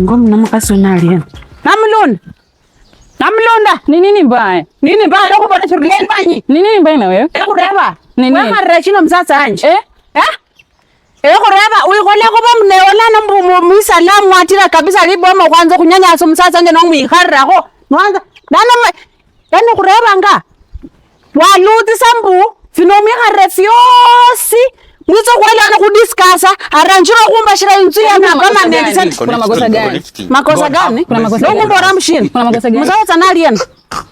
ngomnamakasonalien namlonda namlonda ni nini mbaya nini mbaya dokubona churuleni manyi ni nini mbaya na wewe ekureva wemarira chino msasa anje eh? eh? ekureva uikole kuva mnewolana muisala mwatira kabisa liboma kwanza kunyanyasa msasa anje nomwikariraho mwanza yani kurevanga walutisa mbu vinomwikarire vyosi Nitsokwelana kudiscussa aranjira kumbashira inzuya na kama mmeandisa kuna makosa gani? Makosa gani? Kuna makosa gani? Ndokumbora mshini. Kuna makosa gani? Msawatsanaliana.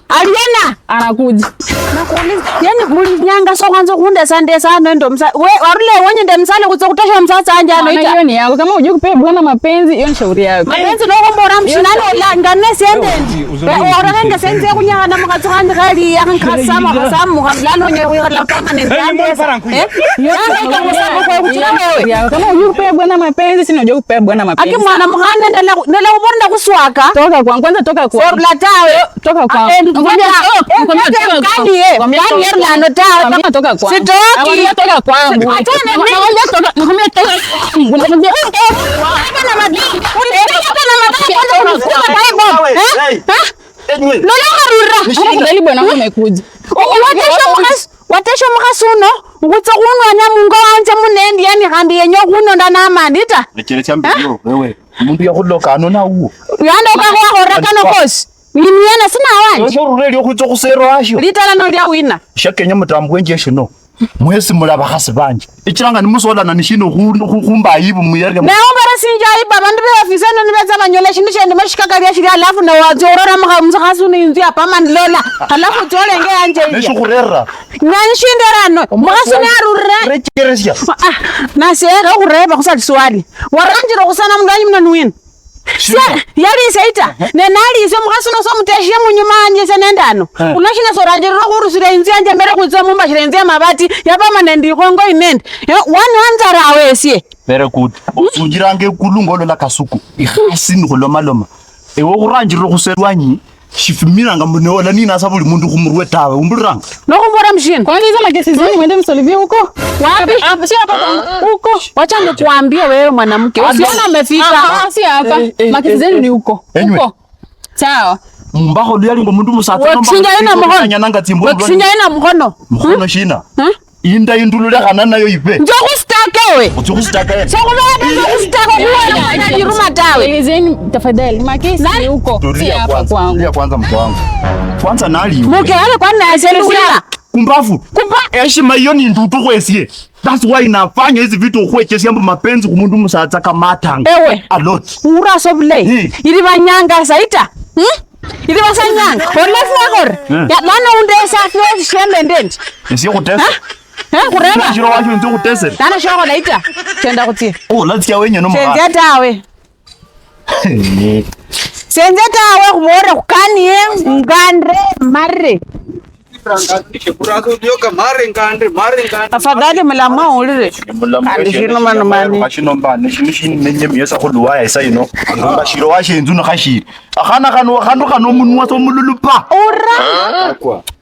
Aliena anakuja. Nakuuliza. Yaani mulinyanga so kwanza kunde sande sana ndo msa. We warule wenye ndo msale kuza kutosha msasa anje ano ita. Hiyo ni yako kama unajua kupea bwana mapenzi hiyo ni shauri yako. Mapenzi ndio kwamba uramshina ni ulangane sende. Oranga sende kunya na mkazo mkatsanda kali yankasama kasamu kamlano nye huyo la kama ni ndande. Eh? Yaani kama sababu kwa kutina wewe. Yako kama unajua kupea bwana mapenzi sina unajua kupea bwana mapenzi. Aki mwana mkana ndala ndala ubonda kuswaka. Toka kwa kwanza toka kwa. Sorla tawe. Toka kwa. Ah, mukhasi uno ngutsa khunwanya mungo wanje munendi yani khandi yenya khunonda namani ta mundu yakhuloka ano nauwo yandoka kano kosi niniena sina wanje shorure lyo khuitsa khusero asho litalano lya wina shakenya mutambwenje shino mwesi mula bakhasi banje ichiranga nimusolana nishino khumba aibu muyerge neombera sinja aibu abandu beofisi eno nibetsa banyola shindu shendimo shikakalia shili alafu newatsa orora mukhamusikhasi uno inzu yapamanlola alafu tsolenge yanje neshikhurera nanishindorano mukhasi narurire recheresya ah, nasekhe khureba khusali swali waranjire khusana mulanyi mna nuwina yali isaita nenaliisyo mukhasi nosomuteshye munyuma anje senendano ulashina soranjerera khurusira inzu yanje mbere khwitsa mumbashira inzu ya mabati yapama nendikhongo inende wanwanzara awesye very good osujiranga ekulungololakasuku ikhasi nikhulomaloma ewe khuranjirira khuselwanyi shifimiranga mneola nini hasa buli mundu kumurwe tawe umbuliranga nokumbora mshini kwanza hizo makesi zenu mwende msolivie huko wapi ah, si hapa ah. huko wacha nikuambie wewe mwanamke ah, usiona amefika si hapa eh, eh, makesi eh, zenu ni huko huko sawa mbaho lyali ngo mundu musatana mbaho nyananga mkhono mkhono hmm? shina hmm? inda indulule kana nayo ipe njoku wewe. Najiruma tawe. Tafadhali, makesi huko. Si hapa kwangu. Kwanza mko wangu. Kwanza nali. Mke wako kwanza asema sala. Kumba. Heshima hiyo ni ndutu kwesie. That's why nafanya hizi vitu kweche siambo mapenzi kumundumu saa zaka matanga. Ewe. A lot. Ura sobile. Ili banyanga saita. Hmm? Ili basanyanga. Eh. Olefu wakore. Eh. Ya lana undesa kwa shende ndendi. Nisi kutesa. Ha? kureva tawe senze tawe kumore kukanie ngandre mare afadhali mlama ulire andishino manumani mashinombane shinu shininenye akhana khanu khandu khano munwa somululupa ura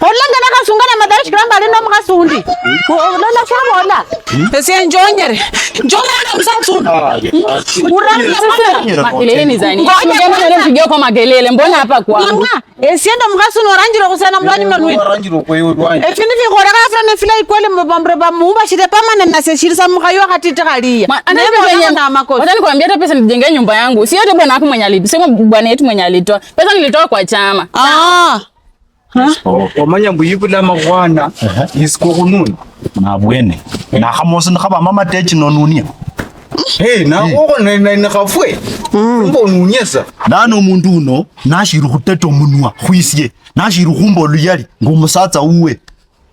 olanga olangana kasungana madharishi kiramba alino mukasundi eh, olala shabola pesi njonyere njonyere msasunda ah, uramile ni zani ngoja mpige kwa magelele mbona hapa kwangu esienda mukasuni waranjiro kusana mlani mlanwe waranjiro kwa hiyo twani efini fikora ka frana fila ikwele mbambre bamuba shite pamane na seshirisa mukayo katite kalia nebe na makosa nataka nikwambia hata pesa nijenge nyumba yangu sio yote bwana wako mwenye alitoa sema bwana yetu mwenye alitoa pesa nilitoa kwa chama ah wamanya oh, oh, mbu ibula makwana isiko khununa nabwene nakhamosi nikhaba mama techi nonunia Hey, na uko na na khafwe. Mbo hmm. nunyesa. uno nashiri khuteta munwa khwisye. Nashiri khumba luyali ngomusatsa uwe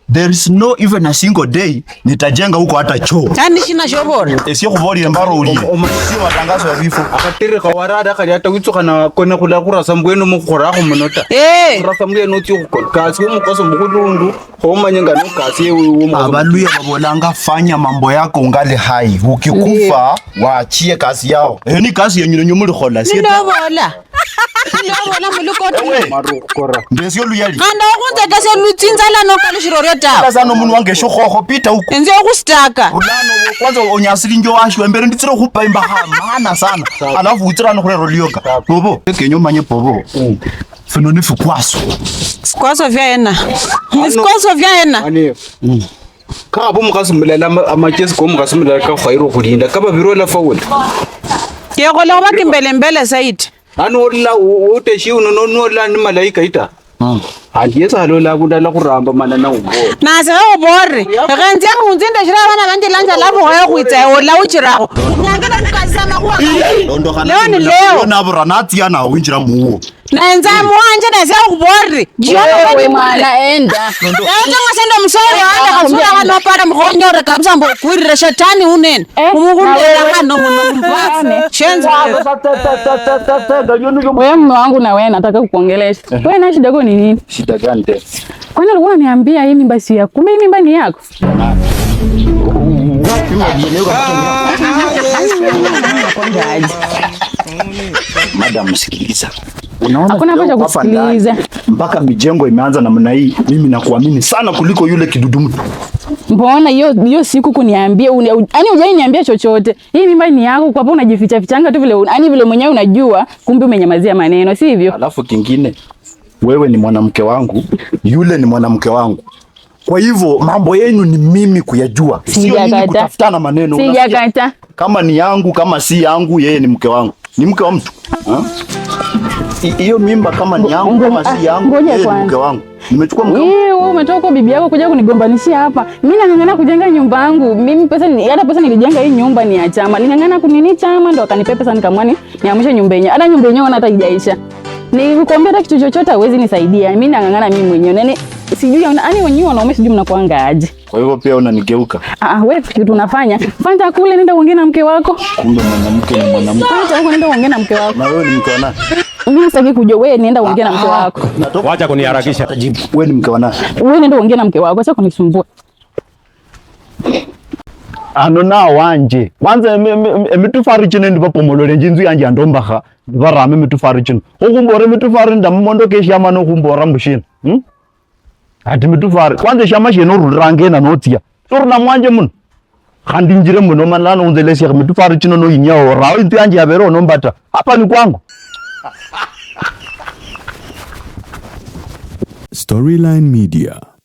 There is no even a single day nitajenga huko hata choo. Yaani sina choo Esio E eh, sio kubori ambaro uli. Sio matangazo ya vifo. Akatire kwa warada kali hata witso kana kona kula kura sambwenu mukora ko munota. Eh. Kura sambwenu tyo ko kasi wo mukoso mukulundu Ho manyanga no kasi wo mukoso. Abaluya babolanga fanya mambo yako ungali hai. Ukikufa eh. waachie kasi yao. Eh, ni kasi yenyu nyu muri khola. Sio bola. Sio bola mulukoti. Eh, Maru kora. Ndesio luyali. Kanda okunza kasi lutsinza lano kalishirori ndazano munhu wangesho khoho pita huko enze okustaka ulano kwanza onyasiri njo washo embere nditsire kupa imba hamana sana alafu utsirano kure rolioka bobo kenyo manye bobo mm. fino ni fikwaso sikwaso vyaena ni sikwaso vyaena mm. kabo mukasimulela amachesi ko mukasimulela ka khwairo khulinda kaba birola faula kekhola khuba kimbelembele zaidi ano orila uteshi uno norila ni malaika ita mm handiyetsa halola kulala kuramba mana na eh, ubore nase ubore genze munzi ndeshirawana vandilanja lavuhoyo kuitsa ola eh, uchirago nyangela kukazisamakuwa leo ni leo navoranatsiyana winjira muwo Naenza mwanje na zao kubori. Jiona kwani mwana enda. Naenza mwashenda msoro anda kasura wana mapara mkhonyora kabisa mbo kwirira shetani unen. Umugunde la hano munampane. Shenza. Wewe mume wangu na wewe nataka kukuongelesha. Wewe na shida gani nini? Shida gani tena? Kwani alikuwa ananiambia hii mimba si yako. Kumbe hii mimba ni yako. Madam, sikiliza. Unaona, Hakuna haja ya kusikiliza. Mpaka mijengo imeanza namna hii, mimi nakuamini sana kuliko yule kidudu mtu. Mbona hiyo hiyo siku kuniambia, yaani hujai niambia chochote. Hii mimba ni yako, kwa sababu unajificha fichanga tu vile, yaani vile mwenyewe unajua, kumbe umenyamazia maneno, si hivyo? Alafu kingine, wewe ni mwanamke wangu, yule ni mwanamke wangu. Kwa hivyo mambo yenu ni mimi kuyajua, sio mimi kutafutana maneno. Sijakata. Kama ni yangu, kama si yangu, yeye ni mke wangu. Ni mke wa mtu. Ha? hiyo mimba kama ni yangu kama si yangu, mke wangu nimechukua mke wangu. Wewe umetoka kwa bibi yako kuja kunigombanisha hapa. Mimi nang'ang'ana kujenga nyumba yangu. Mimi pesa ni hata pesa nilijenga hii nyumba ni ya chama. Ning'ang'ana kunini chama ndo akanipa pesa nikamwani niamshe nyumba yenyewe. Hata nyumba yenyewe hata haijaisha. Nilikwambia hata kitu chochote huwezi nisaidia. Mimi nang'ang'ana mimi mwenyewe. Yaani sijui yaani wenyewe wanaume sijui mnakuanga aje. Kwa hivyo pia unanigeuka. Ah, ah, wewe kitu unafanya? Fanta kule nenda uongee na mke wako. Kumbe mwanamke ni mwanamke. Fanta huko nenda uongee na mke wako. Na wewe ni mke wa nani? Mimi sitaki kujua wewe nenda uongee na mke ah, ah. wako. Wacha kuniharakisha. Wewe ni mke wa nani? Wewe nenda uongee na mke wako, acha kunisumbua. Ano na wanje. Kwanza emitufari chino ndipapomolole njinzu yanje andombaha. Varame mitufarichi. chino. Ukumbora mitufari ndammondokesha mano kumbora mbushina. Hmm? ati mituvare kwanza shama sheno rurangena notia turna mwanje muno khandi njire muno manlano unzelesia mituvare chino no inyao rawo intu yanje yavere onombata hapa ni kwangu Storyline Media